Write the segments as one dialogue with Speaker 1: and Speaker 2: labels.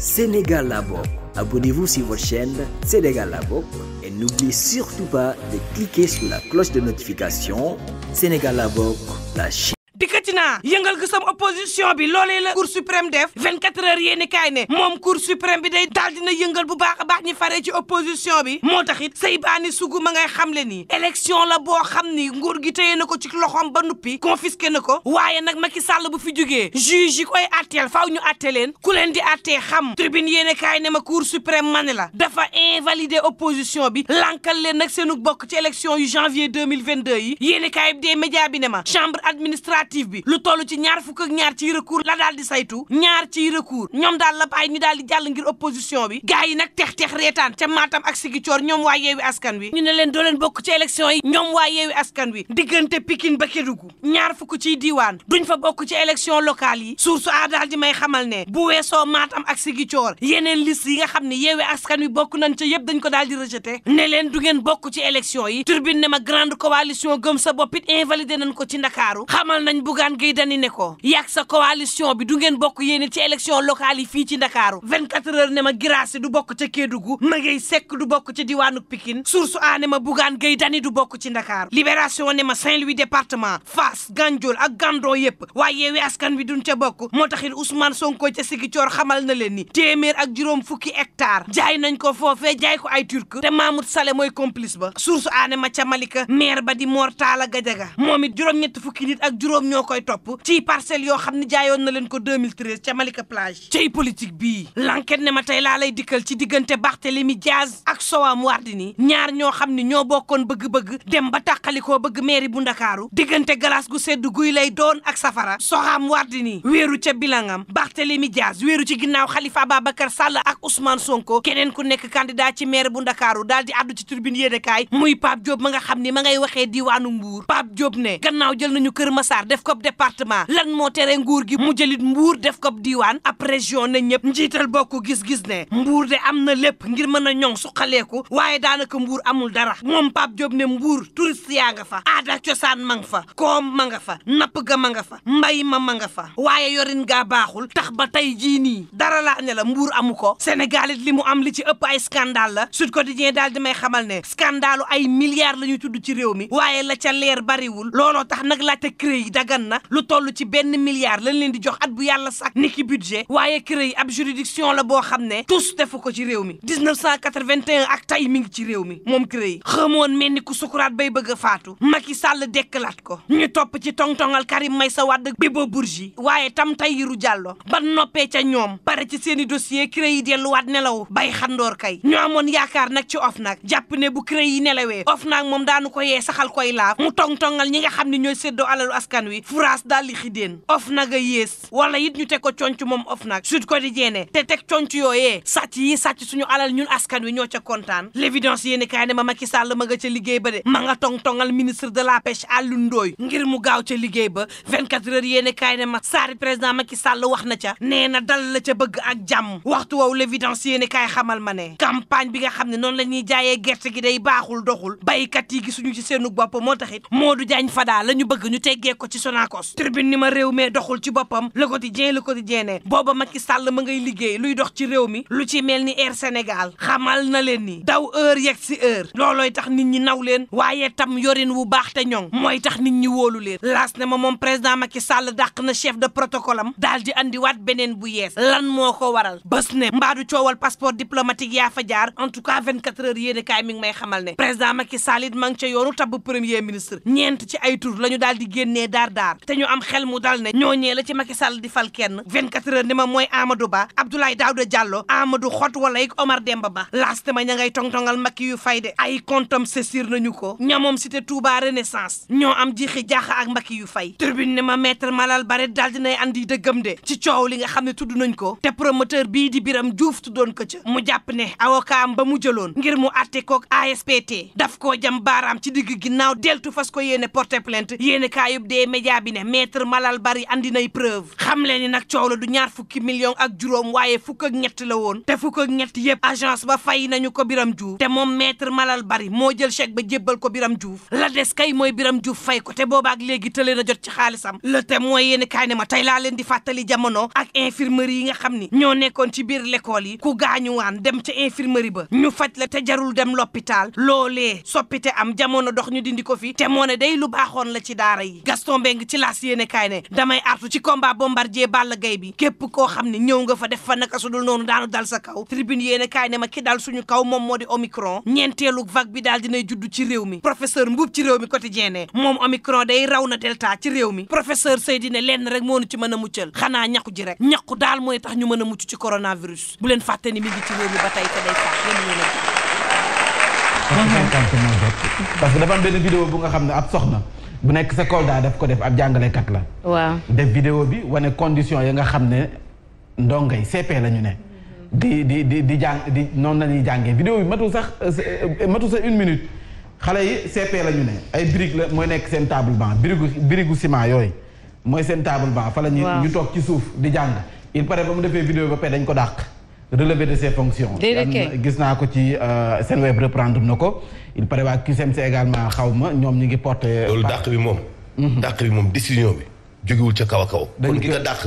Speaker 1: Sénégal la abonnez-vous sur votre chaîne Sénégal la et n'oubliez surtout pas de cliquer sur la cloche de notification Sénégal la chaîne dikkati naa yëngal ko sam opposition bi loolee la cour suprême def 24 heures yéeni kaay ne moom cour suprême bi day daal dina yëngal bu baax a baax ñi faree ci opposition bi moo tax it Seybani Sougou ma xam le ni élection la boo xam ni nguur gi téye na ko ci loxoom ba nuppi confisqué na ko waaye nag Macky Sall bu fi jógee juge yi koy atteel faaw ñu atte leen ku leen di attee xam tribune yéeni kaay ne ma cour suprême mane la dafa invalider opposition bi lankal leen nag seenu bokk ci élection yu janvier 2022 yi yéeni kaay bi média bi ne ma chambre administrative administrative bi lu toll ci ñaar fukk ak ñaar ciy recours la daal di saytu ñaar ciy recours ñoom daal la bàyyi ñu daal di jàll ngir opposition bi gars yi nag tex tex reetaan ca Matam ak Sigicoor ñoom waa yeewi askan wi ñu ne leen doo leen bokk ci élection yi ñoom waa yeewi askan wi diggante Pikine ba Kédougou ñaar fukk ciy diiwaan duñ fa bokk ci élection locale yi source a daal di may xamal ne bu weesoo Matam ak Sigicoor yeneen liste yi nga xam ne yeewi askan wi bokk nañ ca yëpp dañ ko daal di rejeté ne leen du ngeen bokk ci élection yi turbine ne ma grande coalition gëm sa bopp it invalidé nañ ko ci Ndakaaru xamal nañ sëriñ Bougane Gueye Dany ne ko yàgg sa coalition bi du ngeen bokk yéen ci élection locale yi ci Ndakaaru ne ma Girassi du bokk ca Kédougou Maguèye Seck du bokk ca diwaanu Pikine Source A ne ma Bougane Gueye Dany du bokk ci Ndakaaru Libération ne ma Saint-Louis département Fass ak Gandoo yépp waaye Yewwi Askan Wi duñ ca bokk moo taxit Ousmane Sonko ca Sigicoor xamal na leen téeméer ak juróom fukki hectare jaay nañ ko foofee jaay ko ay turc te Mahmoud Saleh ba Source A ne ma ca Malika ñoo koy topp ci parcelle yo xam ne jaayoon na leen ko 2013 ca Malika Plage cey politique bii l'enquête ne ma tey laa lay dikkal ci diggante Barthélémy Diaz ak Soham Wardini ñaar ñoo begu ne ñoo bokkoon bëgg-bëgg dem ba tàqalikoo bëgg mairie bu Ndakaaru diggante galas gu sedd guy lay doon ak safara Soham Wardini wéeru ca bilangam Barthélémy Diaz wéeru ci ginnaaw Khalifa Ababacar Sall ak Ousmane Sonko keneen ku nekk candidat ci maire bu Ndakaaru daal di addu ci tribune yéenekaay muy Pape Diop ma nga xam ne ma ngay waxee diwaanu Mbour Pape Diop ne gannaaw jël nañu Kër Massar def ko département lan moo tere nguur gi mu jëlit mbuur def ko diwaan ab région na ñëpp njiital bokk gis-gis ne mbuur de am na lépp ngir mën a ñoŋ suqaleeku waaye daanaka mbuur amul dara moom Pape Diop ne mbuur touriste yaa nga fa aada cosaan ma nga fa koom ma nga fa napp ga ma nga fa mbay ma ma nga fa waaye yorin gaa baaxul tax ba tey jii nii dara laa ne la mbuur amu ko Sénégal it li mu am li ci ëpp ay scandale la Sud Quotidien daal di may xamal ne scandale ay milliards la ñuy tudd ci réew mi waaye la ca leer bariwul looloo dagan lu toll ci benn milliard lañ leen di jox at bu yàlla sàkk niki budget waaye CREI ab juridiction la boo xam ne tous defu ko ci réew mi 1981 ak tay mi ngi ci réew mi moom CREI xamoon mel ni ku sukuraat bay bëgg a faatu Macky Sall dekkalaat ko ñu topp ci tongtongal Karim Meïssa Wade Bibo Bourgi waaye tam Tahirou Diallo ba noppee ca ñoom pare ci seen i dossier yi delluwaat nelaw bay xandoor kay ñoo amoon yaakaar nag ci OFNAC jàpp ne bu CREI yi nelawee OFNAC moom daanu ko yee saxal koy laaf mu tongtongal ñi nga wi France daal di xideen of nag a yées wala it ñu teg ko conc moom of nag Sud Quotidien ne te teg conc yooyee sàcc yi sàcc suñu alal ñun askan wi ñoo ca kontaan l'évidence yéeni kaay ne ma Macky Sall ma nga ca liggéey ba de ma nga tong-tongal ministre de la pêche Alioune Ndoye ngir mu gaaw ca liggéey ba 24 heures yéeni kaay ne ma saari président Macky Sall wax na ca nee na dal la ca bëgg ak jàmm waxtu woowu l'évidence yéeni kaay xamal ma ne campagne bi nga xam ne noonu la ñuy jaayee gerte gi day baaxul doxul baykat yi gisuñu ci seenu bopp moo Sonacos tribune ni ma réew mee doxul ci boppam le quotidien le quotidien ne booba Macky Sall ma ngay liggéey luy dox ci réew mi lu ci mel ni Air Sénégal xamal na leen ni daw heure yegg si heure loolooy tax nit ñi naw leen waaye tam yorin wu baax te ñoŋ mooy tax nit ñi wóolu leen laas ne ma moom président Macky Sall dàq na chef de protocole am daal di andiwaat beneen bu yees lan moo ko waral bés ne mbaadu coowal passeport diplomatique yaa fa jaar en tout cas 24 heures yéene kaay mi ne président Macky Sall it ma ngi ca yoonu tabb ci ay tur la ñu daal di génnee daar te ñu am xel mu dal ne ñooñee la ci Macky Sall di kenn 24 ma mooy Amadou Ba Abdoulaye Daouda Diallo Amadou Xot wala yik Omar Demba Ba laaste ma ña ngay tongtongal Macky yu fay de ay comptam saisir nañu ko ñamoom cité Touba Renaissance ñoo am jiixi jaaxa ak Macky yu fay tribune ma maître Malal Bare daal dinay andi dëggam de ci coow li nga xam ne tudd nañ ko te promoteur bii di Biram Diouf tuddoon ko ca mu jàpp ne avocat am ba mu jëloon ngir mu a kook ASPT daf koo jam baaraam ci digg ginnaaw deltu fas ko média bi ne maître Malal Bari indina nay preuve xam leen ni nag coow la du ñaar fukki million ak juróom waaye fukk ak ñett la woon te fukk ñett yépp agence ba fay nañu ko Biram Diouf te moom maître Malal Bari moo jël chèque ba jébbal ko Biram Diouf la des kay mooy Biram juuf fay ko te boobaak léegi tëlee na jot ci xaalisam le te mooy yéen kaay ne ma tey laa leen di fàttali jamono ak infirmerie yi nga xam ni ñoo nekkoon ci biir l'école yi ku gaañuwaan dem ca infirmerie ba ñu faj la te jarul dem l'hôpital loolee soppite am jamono dox ñu dindi ko fi te moo day lu baaxoon la ci daara Mbengue ci laas yéene kaay ne damay artu ci combat bombardier Balla Gaye bi képp koo xam ne ñëw nga fa def fa naka su noonu daanu dal sa kaw tribune yéene kaay ne ma ki dal suñu kaw moom moo di omicron ñeenteelu vague bi daal dina judd ci réew mi professeur Mbuub ci réew mi quotidien ne moom omicron day raw na delta ci réew mi professeur Seydine lenn rek moo nu ci mën a muccal xanaa ñaqu ji rek ñaqu daal mooy tax ñu mën a mucc ci coronavirus bu leen fàtte ni mi te day faax
Speaker 2: parce que dafa bu nekk sa Kolda daf ko def ab jàngalekat la. waaw def vidéo bi wane condition ya nga xam ne ndongay CP la ñu ne. di di di di jàng di noonu la ñuy jàngee vidéo bi matul sax euh, euh, matul sax une minute xale yi seppee la ñu ne ay briques la mooy nekk seen table banc birigu birigu ciment yooyu mooy seen table banc. fa la ñu ñu toog ci suuf di jàng. il paraît ba mu defee vidéo ba pare dañ ko dàq. relevé de ses fonctions.
Speaker 3: gis
Speaker 2: naa ko ci euh, seen web reprendre nako. il paraît waa QCMC également xaw ñom ñi ngi porter loolu dàq bi
Speaker 3: mom. Mhm. Dak bi mom décision bi jógewul ca kaw a kaw. kon ki nga dàq.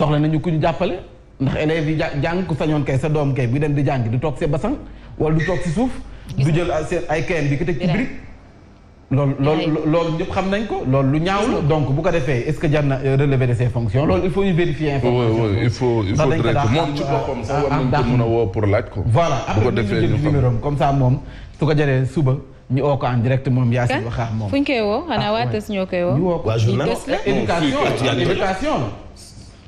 Speaker 2: soxla nañu ku ñu jàppale ndax élèves yi jàng ku sañoon kay sa doom kay bi dem di jàng du toog si basang wala du toog si suuf. du jël a seen ay kayam di ko teg ci brique. loolu ñëpp xam nañ ko loolu lu ñaaw donc bu ko defee est-ce que jar na euh, relever de ses fonctions loolu il faut ñu vérifier information.
Speaker 4: oui oui il faut il faut traiter moom ah,
Speaker 2: ah, pour laaj ko. voilà après ñu jël numéro am comme ça moom su ko jaree suba. ñu woo ko en direct moom yaa si wax ak moom. fu
Speaker 1: ñu koy woo xanaa ah, waa tës ñoo koy woo. éducation
Speaker 2: éducation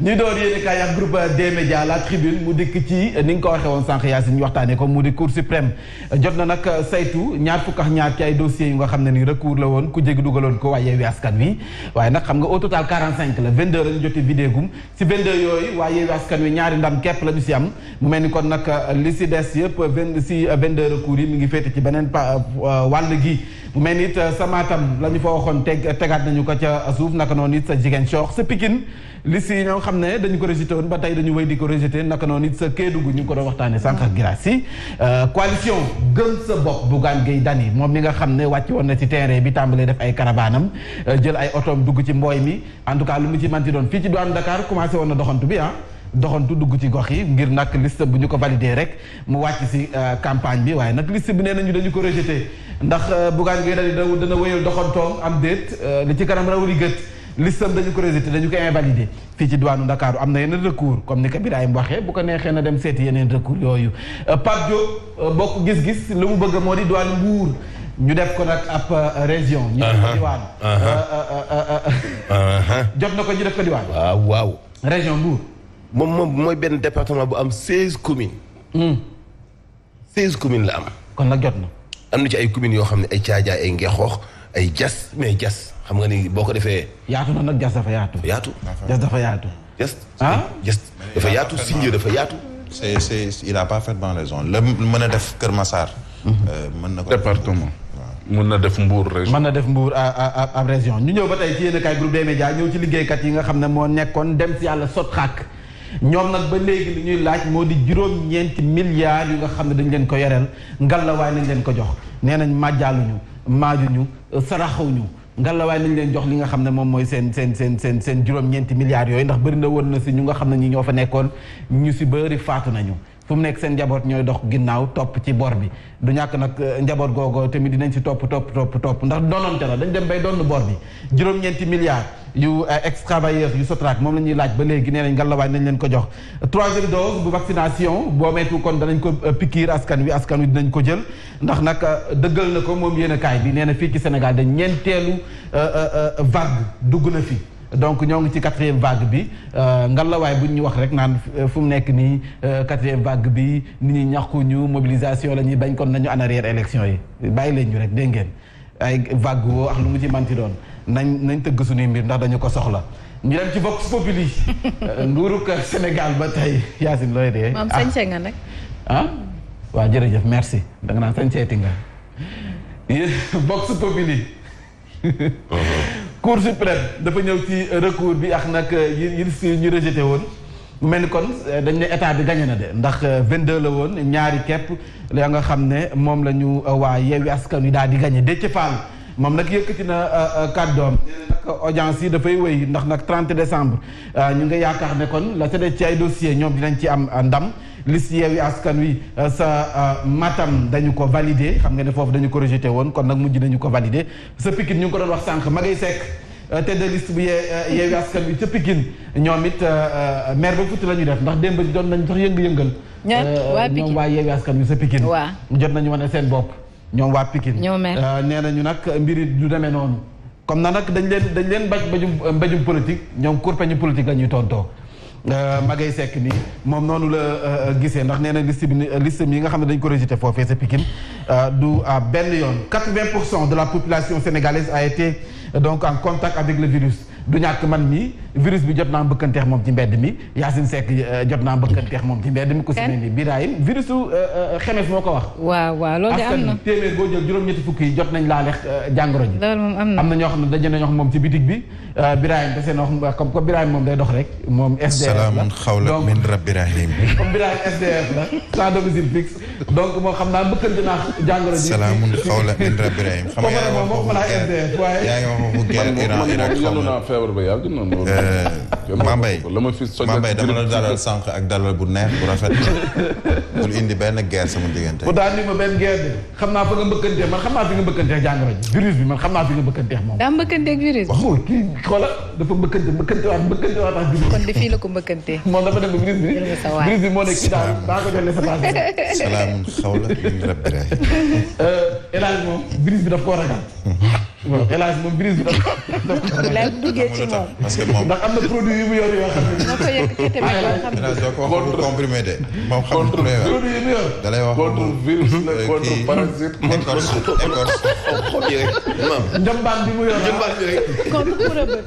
Speaker 2: ñu door yéen kaay ak groupe des médias la tribune mu dikk ci eh, ni nga ko waxee woon sànq Yacine ñu waxtaanee ko mu di cour suprême eh, jot na nag eh, saytu ñaar fukk ak ñaar ci ay dossiers yu nga xam ne ni recours la woon ku jéggi dugaloon ko waaye Yewwi Askan Wi waaye nag xam nga au total 45 la 22 la ñu jotee vidéogum si 22 yooyu waaye Yewwi Askan Wi ñaari ndam képp la ñu si am mu mel ni kon nag li si des yëpp vingt si 22 recours yi mi ngi féete ci beneen wàll gi mu mel nit euh, sa Matam la ñu fa waxoon teg tegaat nañu ko ca suuf naka noon it sa jigéen soox sa Pikine li si ñoo xam ne dañu ko rejeté woon ba tey dañu wéy di ko rejeté naka noon it sa Kédougou ñu ngi ko doon waxtaane sànq ak Girassi euh, coalition gëm sa bopp Bougane Gueye Dany moom mi nga xam ne wàcc woon na ci terrain bi tàmbalee def ay karabaanam euh, jël ay otoom dugg ci mbooy mi en tout cas lu mu ci manti doon fii ci doon Dakar commencé woon na doxantu bi ah doxantu dugg ci gox yi ngir nag liste bu ñu ko validé rek mu wàcc si euh, campagne bi waaye nag liste bi nee nañu dañu ko rejeté ndax euh, Bougane Gueye Dany dana dana wéyal doxantoom am déet euh, li ci kanam rawuli gët listam dañu ko rejeté dañu ko invalidé fii ci diwaanu Ndakaaru am na yeneen recours comme ni ko Birahim waxee bu ko neexee na dem seeti yeneen recours yooyu Pape Diop bokk gis-gis lu mu bëgg moo di diwaanu Mbuur ñu def ko nag
Speaker 3: ab région ñu def ko uh-huh. diwaan
Speaker 2: uh-huh.
Speaker 3: Uh-huh. jot na ko ñu def ko waaw région moom moom mooy benn département bu am seize communes. Hmm. seize commune la am. kon nag jot na. am na ci ay communes yoo xam ne ay caajaay ay ngeexoox ay jas mais jas xam nga ni boo ko defee. yaatu na nag jas dafa yaatu. yaatu
Speaker 2: dafa yaatu.
Speaker 5: jas ah jas dafa yaatu Sindia dafa yaatu. c'est c'est il a parfaitement raison la mën a def Kër Massar. Mhm. Euh, mën na ko département. mën na def Mbour région mën na def Mbour ab région ñu ñëw ba tey ci yéen a kaay groupe ñëw ci liggéeykat yi nga xam
Speaker 2: ne moo nekkoon dem si yàlla sot xàkk ñoom nag ba léegi li ñuy laaj moo di juróom-ñeenti milliards yu nga xam ne dañ leen ko yoreel ngalawaay nañ leen ko jox nee nañ màjjaaluñu maajuñu saraxawuñu ngalawaay nañ leen jox li nga xam ne moom mooy seen seen seen seen juróom-ñeenti milliards yooyu ndax bëri na woon na si ñu nga xam ne ñi ñoo fa nekkoon ñu si bëri faatu nañu fu mu nekk seen njaboot ñooy dox ginnaaw topp ci bor bi du ñàkk nag euh, njaboot googoo tamit dinañ si topp topp topp ndax donante la dañ dem bay donn bor bi juróom-ñeenti milliards yu euh, ex travailleurs yu Sotrac moom la ñuy laaj ba léegi nee nañ ngalawaay nañ leen ko jox troisième dose bu vaccination boo meetu kon danañ ko euh, pikiir askan wi askan wi dinañ ko jël ndax nag dëggal na ko moom yéen kaay bi nee na fii ci Sénégal dañ ñeenteelu vague dugg na fi donc ñoo ngi ci quatrième vague bi euh, ngallaawaay bu ñu wax rek naan euh, fu mu nekk nii euh, quatrième vague bi nit ñi ñàkku ñu mobilisation la ñuy bañ kon nañu en arrière élection yi bàyyi leen ñu rek dégg ngeen ay vague woo ak lu mu ci manti doon nañ nañ tëgg suñuy mbir ndax dañu ko soxla. ñu ci Vox Populi. nguurug Sénégal ba tey Yacine looy dee. maam ah. sañse nga nag. ah jërëjëf merci da nga naan sañseeti nga mm. Vox Populi. Uh-huh. cour suprême dafa ñëw ci recours bi ak nag euh, yi yi ñu rejeté woon mu ni kon euh, dañu ne état bi gagné na de ndax 22 euh, la woon ñaari képp la nga xam ne moom la ñu waa Yewwi Askan Wi daal di gagné Déthié Fall moom nag yëkkati na kàddoom audience yi dafay wéy ndax nag 30 décembre ñu ngi yaakaar ne kon la te des ci ay dossiers ñoom dinañ ci am ndam liste Yewwi Askan Wi euh, sa euh, Matam dañu ko validé xam nga ne foofu dañu ko rejeté woon kon nag mujj nañu ko validé sa Pikine ñu ngi ko doon wax sànq Magay Seck euh, tête de liste bu yee Yewwi Askan Wi ca Pikine ñoom it maire ba futti la ñu def ndax démb doon nañ sax yëngu-yëngal ñoom waa Yewwi Askan Wi sa Pikine waaw jot nañu wane seen bopp ñoom waa Pikine nee nañu nag mbiri du demee noonu comme na nag dañ leen dañ leen baj mbéjum politique ñoom kurpeñu politique la ñuy tontoo 80 euh, euh, euh, de la population sénégalaise a été en contact avec le virus virus bi jot naa mbëkkanteex moom ci mbedd mi Yacine Seck euh, jot naa mbëkkanteex moom ci mbedd mi ku si virusu euh, euh, xemes moo ko wax
Speaker 1: waaw waaw loolu
Speaker 2: de boo jot nañ laale jàngoro ji loolu na ñoo xam ne daje nañoo xam moom ci bitig bi Birahim te seen wax comme comme moom day dox rek moom SDF la salaamun xawlan
Speaker 5: min rabbi rahim
Speaker 2: comme Birahim SDF la sans domicile fixe donc moom xam naa mbëkkante naa jàngoro ji salaamun min rabbi rahim moom moom ma naa SDF waaye yaa ngi wax mu guerre
Speaker 5: Iran Irak Mambay euh, Mambay dama la dalal sànq ak dalal bu neex bu rafet. bul indi benn guerre sama diggante.
Speaker 2: bu daal ni ma benn guerre de xam naa fa nga mbëkkanteex man xam naa fi nga mbëkkanteex jàngoro ji virus bi man xam naa fi nga mbëkkanteex moom.
Speaker 1: daa mbëkkanteeg virus. waxul
Speaker 2: kii xoola dafa mbëkkante mbëkkante waat mbëkkante waat ak virus. kon
Speaker 1: de fii la ko mbëkkantee.
Speaker 2: moom dafa dem ba virus bi. virus bi moo nekk kii daal daa ko jëlee sa passé. salaamun xawla min rabbi rahiim. Euh, El Hadj moom virus bi daf koo ragal
Speaker 5: hélas moom brise bi dafa.
Speaker 1: dafa duggee
Speaker 5: ci moom. parce que moom ndax am na produit yu mu yor yoo xam ne. moo koy yëg ci tamit yoo xam ne. hélas doo ko wax pour comprimé de. moom xam nga produit yu mu yor. da lay wax contre virus la contre parasite. écorce écorce.
Speaker 1: xob yi rek.
Speaker 3: njambaan bi mu yor njambaan bi rek.
Speaker 1: contre pour a bët.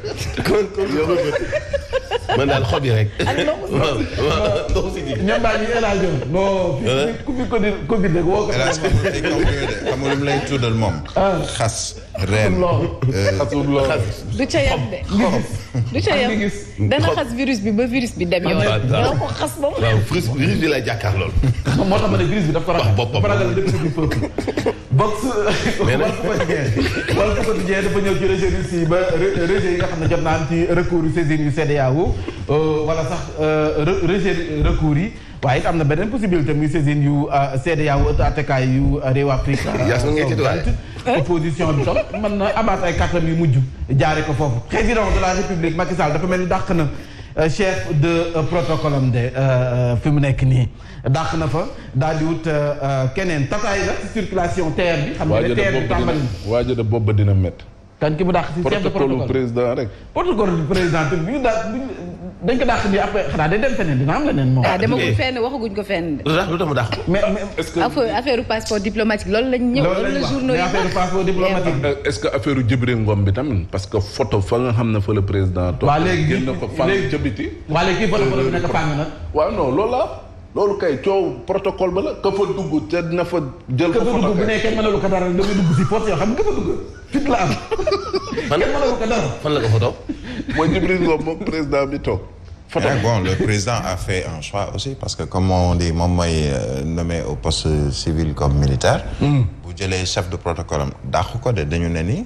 Speaker 1: contre pour a bët.
Speaker 3: man daal xob yi rek. ak loolu. waaw waaw ndox si ji. njambaan yi hélas yow. non ku fi ku fi Covid rek woo ko. hélas xam nga lu mu lay tuddal moom. Ah. xas. reen euh,
Speaker 1: du ca yem de du ca yem dana xas virus bi ba virus bi dem yoon dana ko xas ba mu
Speaker 3: virus bi lay jàkkaar lool moo tax ma ne virus bi daf ko ragal boppam ragal lépp ci peuple box wal ko quotidien
Speaker 2: wal ko quotidien dafa ñëw ci rejet russe yi ba rejet yi nga xam ne jot naa am ci recours yu saisine yu CEDEAO euh, wala sax euh, rejet recours yi waaye it am na beneen possibilité muy saisine yu CEDEAO ëtt attakaay yu réew Afrique Eh? opposition bi tam mën na abaat ay kàttam yu mujj jaare ko foofu président de la république Macky Sall dafa mel ni dàq na euh, chef de euh, protocole am de euh, fi mu nekk nii dàq na fa daal di wut keneen tataay la circulation terre bi xam nga ne terre bi tàmbali na waajo de boobu dina métti kan ki mu dàq si chef de protocole président rek protocole président bi ñu dañ ko dàq nii après xanaa day dem feneen dina am leneen moom. ah demagul
Speaker 1: fenn waxaguñ ko fenn.
Speaker 2: lu lu tax mu dàq. mais est ce que.
Speaker 1: affaire passeport diplomatique loolu lañ ñëw. loolu la journaux
Speaker 2: euh,
Speaker 4: que affaire Jibril Ngom bi tamit parce que photo fa nga xam ne fa le président. toog génn ko fànn ca biti. waa léegi photo photo loolu la. loolu kay coow protocole ba la ka fa dugg te na fa jël ko fa dugg bu nekkee mënalu
Speaker 2: ko dara da yoo xam nga fa dugg
Speaker 4: fit la am. fan la ko dara fan la ko photo Eh, bon
Speaker 5: le président a fait un choix aussi parce que comme on dit je euh, suis nommé au poste civil comme militaire. êtes hmm. le chef de protocole D'accord, de Denyuneni.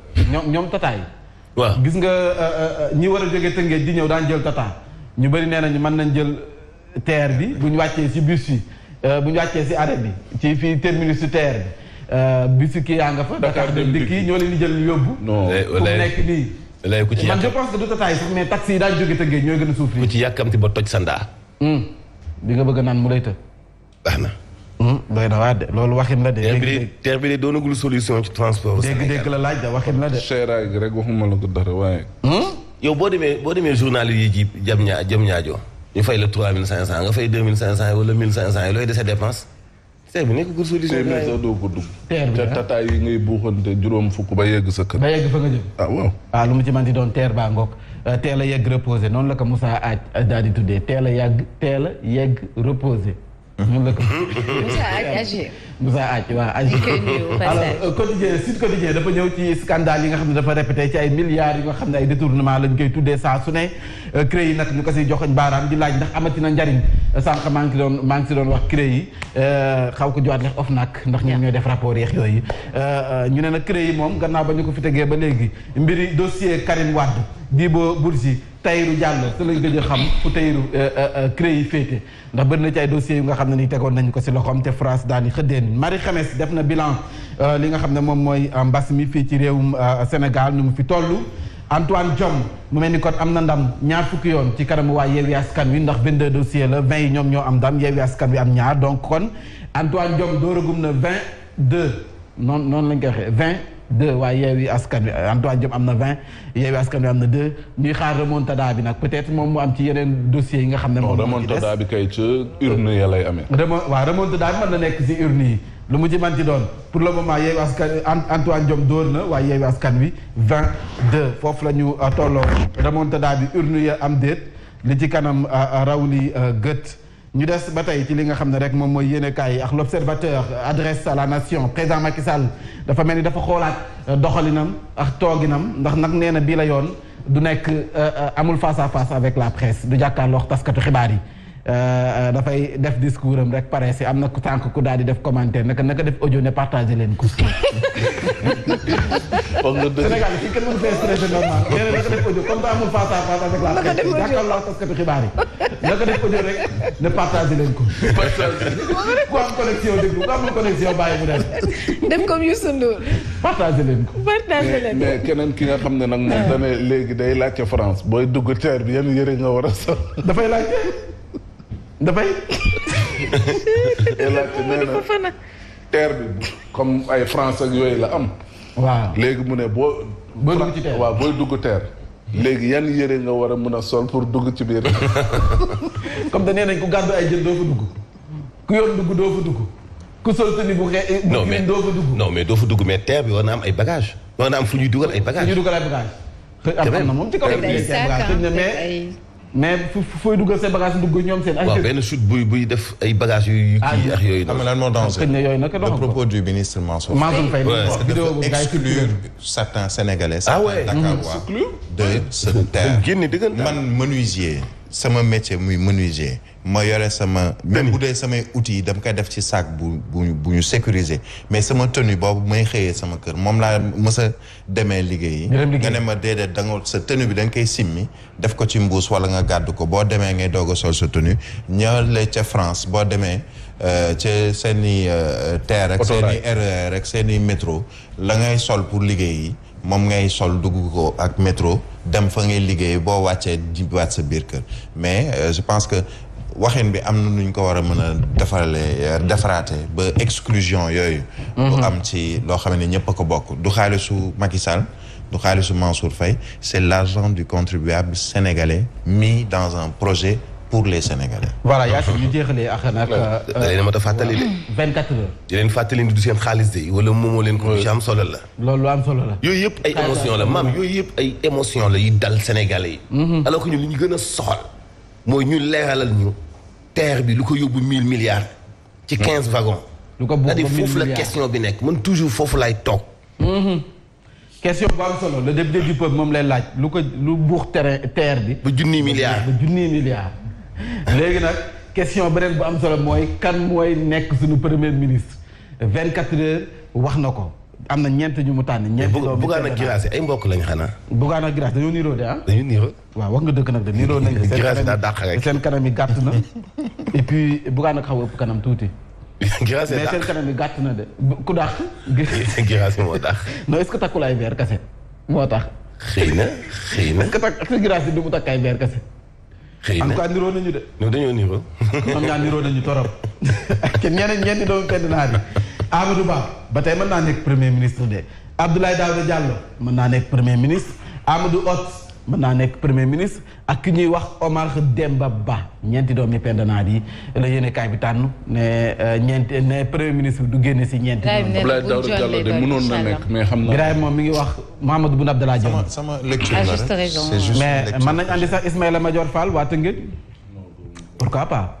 Speaker 2: ñoom ñoom tata yi. gis nga euh, euh, ñi war a jógee Tëngéej di ñëw daan jël tata ñu bëri nee nañu mën nañ jël TER bi bu ñu wàccee si bus yi euh, bu ñu wàccee si arrêt bi ci fii terminus si TER bi. bis kii nga fa. Dakar dem dikk yi ñoo leen jël yóbbu. non fu nekk
Speaker 3: lay ku ci man je pense que mais taxi yi daan jóge tëggee ñooy gën a souffrir. ci yàkkamti ba toj sa ndaa.
Speaker 2: bi hmm. nga bëgg naan mu lay të.
Speaker 3: na. Hmm, doy na waat de loolu waxin la de. dégg bi de doonagul solution ci transport. dégg dégg la laaj de waxin la de. seeraay gi rek waxuma la ko dara waaye. Hmm? yow boo demee boo demee journal yi ji jam ñaa jam ñaajo ñu fay la trois mille cinq cent nga fay deux mille cinq cinq cent yi looy dese dépense.
Speaker 2: teer bi bi doo ko dugg. teer bi te tata ba yegg sa kër. ba yegg fa nga jëm. ah, ah lu mu ci man di doon teer baa ngoog euh, teel yegg reposé noonu la ko Moussa Aaj di tuddee teel a yàgg teel a yegg mu dëkk Moussa Aaj Agir. Moussa Aaj waaw Agir. alors euh, quotidien Sud dafa ñëw ci scandale yi nga xam ne dafa répété ci ay milliards yi nga xam ne ay détournement lañ koy tuddee saa su ne. Euh, CREI yi nag ñu ko si joxoñ baaraam di laaj ndax amatina njariñ sànq maa ngi doon maa ngi si doon wax CREI yi euh, xaw ko joxaat lex of nag ndax ñoom ñooy def rapport yeex yooyu. ñu ne na CREI yi moom gannaaw ba ñu ko fi tegee ba léegi mbiri dossier Karim Wade bii ba Bourgi. Tahirou Diallo su la gëj xam fu Tahirou euh, euh, euh, CREI yi féete ndax bëri na ci ay dossiers yu nga xam ne ni tegoon nañ ko si loxoom te France daal di xëddeen Marie Xemes def na bilan li nga xam ne moom mooy mbas mi fii ci réewum Sénégal nu mu fi toll Antoine Diome mu mel ni kon am na ndam ñaar fukki yoon ci kanamu waa Yewwi kan Wi ndax 22 dossiers la 20 yi ñoom ñoo am ndam Yewwi Askan Wi am ñaar donc kon Antoine Diome dooragum na 22 noonu noonu lañ koy waxee 20 deux waaye Yewwi Askan Wi Antoine Diome am na vingt Yewwi Askan Wi am na deux ñuy xaar remontada bi nag peut-être moom mu am ci yeneen dossiers yi nga xam ne moom remontada
Speaker 4: bi kay ca urne ya lay amee
Speaker 2: nekk si urne yi lu mu ci man ci doon pour le moment Yewwi Askan Antoine Diome dóor na waaye Yewwi Askan Wi vingt deux foofu la ñu euh, tolloo remontada bi urne ya am déet li ci kanam euh, euh, raw li gët ñu dess ba tey ci li nga xam ne rek moom mooy yéenekaay yi ak l'observateur adresse à la nation président Macky Sall dafa mel ni dafa xoolaat euh, doxalinam ak tooginam ndax nag nee na bii la yoon du nekk euh, euh, amul face à face avec la presse du jàkkaarloo taskatu xibaar yi. Euh, euh, dafay def discours am rek pare si am na ku tànk ku daal di def commentaire naka naka def audio ne partagé leen ko.
Speaker 4: foog nga dëgg Sénégal fii kenn mënu fee stressé normal nee na naka
Speaker 2: def audio comme amul face ku am connexion déglu ku amul connexion bàyyi mu dem.
Speaker 1: def comme Youssou Ndour.
Speaker 2: partagé leen ko.
Speaker 1: partagé
Speaker 4: ki nga xam ne nag moom. Ah. da léegi day laajte France booy dugg terre bi yan yëre nga war a sol. dafay. laajte na bi comme ay France ak yooyu la am. waaw léegi mu ne boo. booy dugg ci terre waaw booy dugg terre. léegi yan yére nga war a mën a sol pour dugg ci biir.
Speaker 2: comme da nee nañ ku gàddu ay jën doo fa dugg. ku yoon dugg doo fa dugg.
Speaker 3: ku sol tenue bu xee. non mais doo fa dugg. non mais doo fa dugg mais terre bi war na am ay bagages. war na am fu ñuy dugal ay bagages. fu ñuy dugal ay bagages. te am na moom ci kaw. tey
Speaker 2: tey tey mais. mais il faut que bagage soient bagages
Speaker 3: chute buy def bagages yu ah, dans
Speaker 2: le
Speaker 5: propos du ministre Mansour exclure certains sénégalais. Ah Dakarois mm-hmm. de ce terre. Je suis man C'est mon métier menuisier ma yore sama même bu sama samay outils yi dama def ci sac bu buñu sécuriser mais sama tenue bobu may xeyé sama cœur mom la mës démé liguey nga ne ma dédé da nga sa tenue bi dang kay koy simmi def ko ci mbuus wala nga gaddu ko bo démé ngay dogo sol sa tenue ñële ci France bo démé euh, ca seen i euh, TER ak seen i RER ak seen métro la ngay sol pour liguey mom ngay sol dugg ko ak métro dem fa ngay liggéey boo wàccee jibaat sa biir cœur mais euh, je pense que waxin bi am na nuñ ko war a mën a defarale euh, defaraate ba exclusion yooyu mhm. du am ci loo xam ne ñëpp a ko bokk du xaalisu Macky Sall du xaalisu Mansour Faye c'est l'argent du contribuable sénégalais mis dans un projet pour les sénégalais
Speaker 2: voilà yaakaar ñu jeexalee ak nag da leen mat a fàttali de vingt quatre heures
Speaker 3: di leen fàttali ni du seen xaalis de wala moomoo leen ko ci am solo la loolu am solo la yooyu yëpp ay émotion la maam yooyu yëpp ay émotion la yi dal sénégalais yi mhm. alors que ñu li ñu gën a soxal nous, ñu l'air ñu terre bi lu ko milliards c'est 15 wagons
Speaker 2: lu ko cest à la question
Speaker 3: bi toujours lay
Speaker 2: mhm. question bu am le député du peuple mom lay laaj lu lu terre bi ba 1 milliards milliards question est bu am solo moy kan premier ministre 24 quatre heures wax amna ñent ñu mu tan ñent Bougane ak Guirassy
Speaker 3: ay mbokk lañ xana
Speaker 2: Bougane ak Guirassy dañoo niroo de ah dañu niro wa wax nga dëgg nak de niro nañ Guirassy da dàq rek sen kanam yi gàtt na et puis Bougane xaw ëpp kanam touti
Speaker 3: Guirassy mais sen
Speaker 2: kanam yi na de ku dàq
Speaker 3: Guirassy mo dàq
Speaker 2: no est-ce que ta ay ver kasse moo tax xeyna na xëy na est-ce du mu takay ver kasse xeyna am na
Speaker 3: niro nañu de no dañu niro am nga niro nañu torop
Speaker 2: ñeneen ñeenti doomu pend naar Amadou Ba ba tey mën naa nekk premier ministre de Abdoulaye Daouda Diallo mën naa nekk premier ministre mën naa nekk premier ministre ak ki ñuy wax Omar Demba Ba ñeenti doom yi pendanaat yi la yéene kaay bi tànn ne euh, ñeenti ne premier ministre du génne si ñeenti. Abdoulaye Daouda Diallo de mënoon xam naa. Birahim moom mi ngi wax Mahamadou Boun Abdallah Dionne. sama sama lecture mais mën nañu andi sax Ismaïla Madior Fall waa Tëngéej pourquoi pas.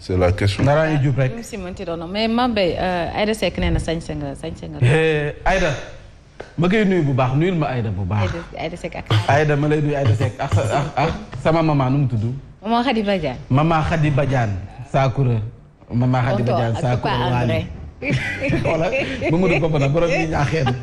Speaker 4: c' est la question. nar a
Speaker 2: jub rek
Speaker 1: si mënti doon mais Mame Mbaye euh, Aïda Seck nee na sañse nga sañse nga.
Speaker 2: Eh, Aïda ma koy nuyu bu baax nuyul ma Aïda bu baax. Aïda Seck ak Aïda ma lay nuyu Aïda Seck ak ak sama maman nu mu tudd.
Speaker 1: maman Khady Badiane.
Speaker 2: maman Khady Badiane Sakura. maman Khady Badiane Sakura waale.
Speaker 1: voilà Mamadou Kopa
Speaker 2: nag borom ñi ñaaxee na.